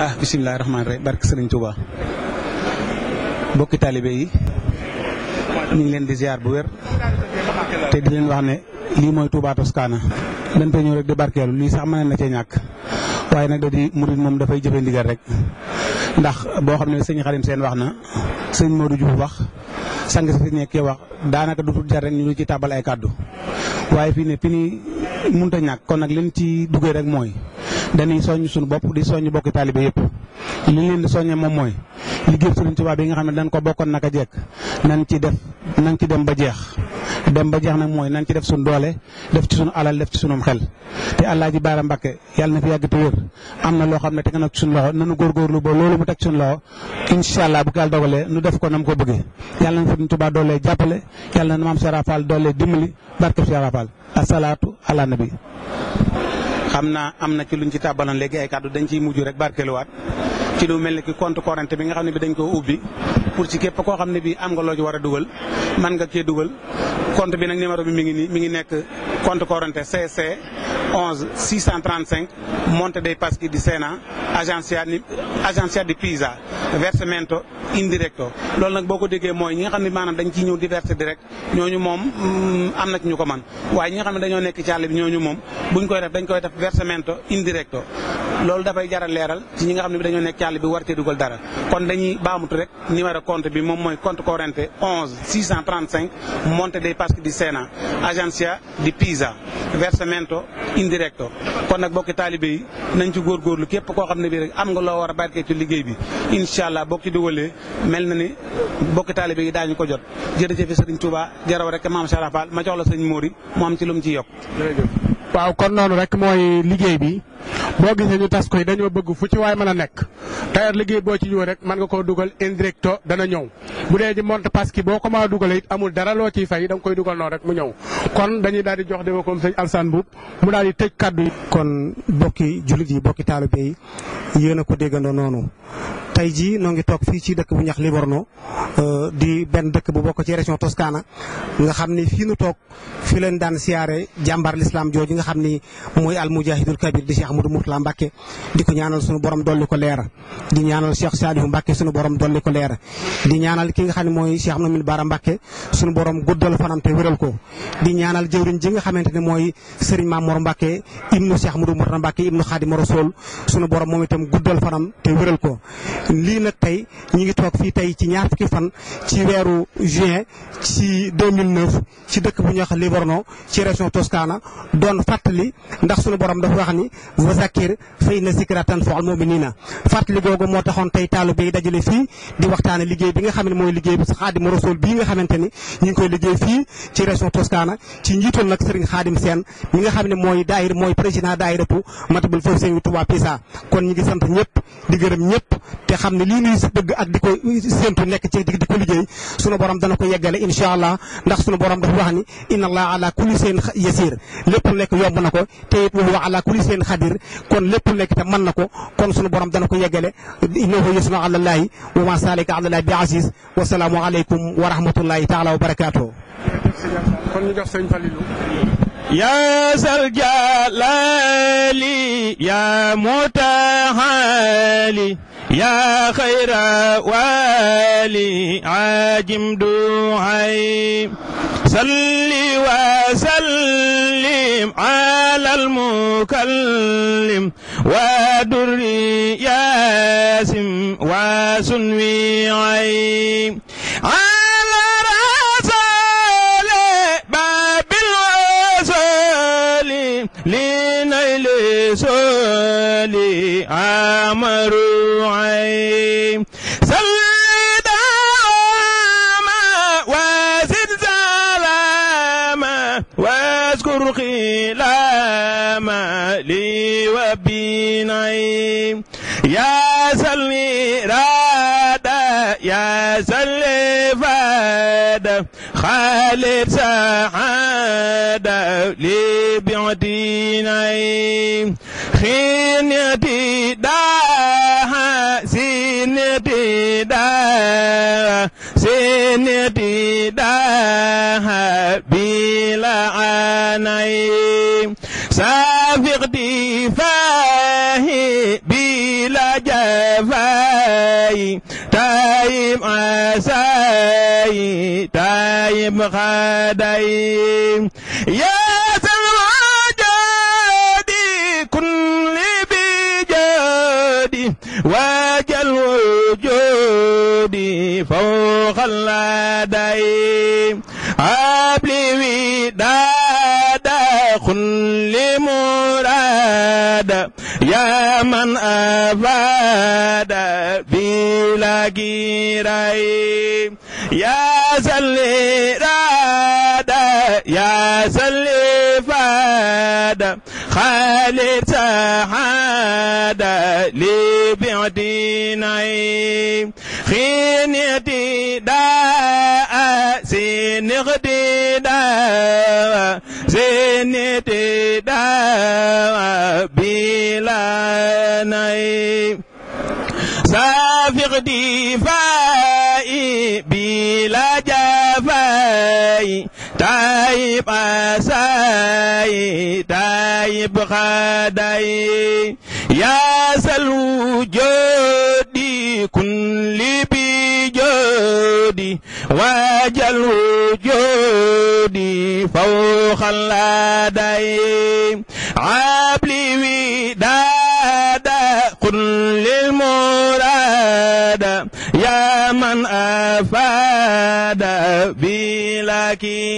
ah bisimilah rahmaani rahim barke sëriñ Touba bokki taalibe yi ñu ngi leen di ziar bu wér te di leen wax ne lii mooy Touba Toscana dañ fee ñëw rek di barkeelu lii sax mën na cee ñàkk waaye nag da di murid moom dafay jëfe ndigal rek ndax boo xam ne sëñ Xadim seen wax na sëñ Modou Diouf wax sang si ke wax daanaka du jar rek ñu ci tàbbal ay kàddu waaye fii ne fi ni mënut a ñàkk kon nag leen ci duggee rek mooy dañuy soññ suñu bopp di soññ bokki taalibe yëpp li leen di soññee moom mooy liggéey Sëriñ Tuubaa bi nga xam ne dañ ko bokkoon naka jekk nañ ci def nañ ci dem ba jeex dem ba jeex nag mooy nañ ci def suñu doolee def ci suñu alal def ci sunum xel te Alaaji Baara Mbàkke yàlla na fi yàgg am na loo xam ne teg na ci suñu loxo nanu góorgóorlu ba loolu mu teg suñu loxo incha allah bu ko yàlla dogalee nu def ko nam ko bëggee yàlla na Sëriñ Tuubaa doolee jàppale yàlla na maam Serapal doolee dimbali barke Serapal asalaatu ala nabi xam naa am na ci luñ ci tàbbalan léegi ay kàddu dañ ciy mujj rek barkeeluwaat ci lu mel ni ki compte corrent bi nga xam ne bi dañ koo ubbi pour ci képp koo xam ne bi am nga loo ci war a dugal man nga cee dugal conte bi nag numéro bi mi ngi nii mi ngi nekk compte corrent CC 11 635 Monte dei Paschi di Siena agenzia agenzia di Pisa versamento indirecto loolu nag boo ko déggee mooy ñi nga xam ne maanaam dañ ciy ñëw di verser direct ñooñu moom mm, am na ci ñu ko man waaye ñi nga xam ne dañoo nekk ci àll bi ñooñu moom buñ koy def dañ koy def versamento indirecto loolu dafay jaral leeral ci ñi nga xam ne bi dañoo nekk ci bi war cee dugal dara kon dañuy baamut rek numéro compte bi moom mooy compte corrente 11 635 Monte dei Paschi di seena agencia di Pisa versamento indirecto kon nag bokki taalibe yi nañ ci góorgóorlu képp koo xam ne bii rek am nga loo war a barkee ci liggéey bi incha allah bokki di walee mel na ni bokki taalibe yi daañu ko jot jërëjëf sëriñ Touba jaraw rek maam Cheikh ma jox la sëñ Mori mu am ci lu ci yokk waaw kon noonu rek mooy liggéey bi boo gisee ñu tas koy dañoo bëgg fu ci waay mën a nekk tailleur liggéey boo ci ñëw rek mën nga koo dugal indirecto dana ñëw bu dee ji monte parce que boo ko mën a dugalee it amul dara loo ciy fay da nga koy dugal noonu rek mu ñëw kon dañuy daal di jox dema comme sëñ Alsaan Mbuub mu daal di tëj kàddu yi kon bokki jullit yi bokki taalibe yi yéen a ko déggandoo noonu tey jii noo ngi toog fii ci dëkk bu ñax noo Euh, di benn dëkk bu bokk ci région Toscana nga xam ni fii nu toog fi leen daan siyaare jàmbar lislaam jooju nga xam ni mooy almujahidul kabir di Cheikh Amadou Mourtala Mbacke di ko ñaanal sunu borom dolli ko leera di ñaanal Cheikh Saliou Mbacke sunu borom dolli ko leera di ñaanal ki nga xam ne mooy Cheikh Mamadou Bara Mbacke sunu borom guddal fanam te wéral ko di ñaanal jëwriñ ji nga xamante ne mooy Serigne Mamour Mbacke ibnu Cheikh Amadou Mourtala Mbacke ibnu Khadimou Rassoul sunu borom moom itam guddal fanam te wéral ko lii nag tey ñi ngi toog fii tey ci ñaar fukki fan Sénégal ci weeru juin ci ci dëkk bu ñuy wax Livorno ci région Toscana doon fàttali ndax sunu borom dafa wax ni wa zakir fa inna zikra tanfa'ul mu'minina fàttali googu moo taxoon tey taalibe yi dajale fii di waxtaane liggéey bi nga xam ne mooy liggéey bi Xaadimu Rasuul bii nga xamante ni ñu ngi koy liggéey fii ci région Toscana ci njiitul nag Serigne Xaadim Seen mi nga xam ne mooy daayir mooy président daayiratu Matlabul Fawzayni Touba Pisa kon ñi ngi sant ñëpp nekk di ko liggéey sunu borom dana ko yeggale incha allah ndax sunu borom dafa wax ni inna allah ala kulli seen yasir lépp nekk yomb na ko te it wa ala kulli seen xadir kon lépp nekk te mën na ko kon sunu borom dana ko yeggale innahu yasna ala allahi wa ma salika ala allahi bi aziz wa salaamu aleykum wa rahmatullahi taala wa barakaatuhu kon ñu jox sëñ يا خير والي عاجم دعي صل وسلم على المكلم ودر ياسم وسنوي على رسول باب الوصول صلي عمر عين صلي داما وزد سلاما واذكر خلاما لي وبنعيم يا صلي رادا يا صلي فادا خالد سعادا لي بعدي نعيم خينتي دا سينتي دا سينتي دا بلا عناي سافق دي فاهي بلا جفاي تايم عساي تايم خداي يا واجل الوجود فوق اللدي قبل وداد كل مراد يا من أفاد بلا جيري يا زلي راد يا زلي خالد سعاد لبعد نعيم خين يدي داء زين غدي داء زين يدي داء بلا نعيم سافق دفاعي بلا جفاي تايب أساي تايب غداي يا سلو جودي كن لي بجودي وجل جودي فوق اللدي عبلي ودادا قل للمراد يا من أفاد بلاكي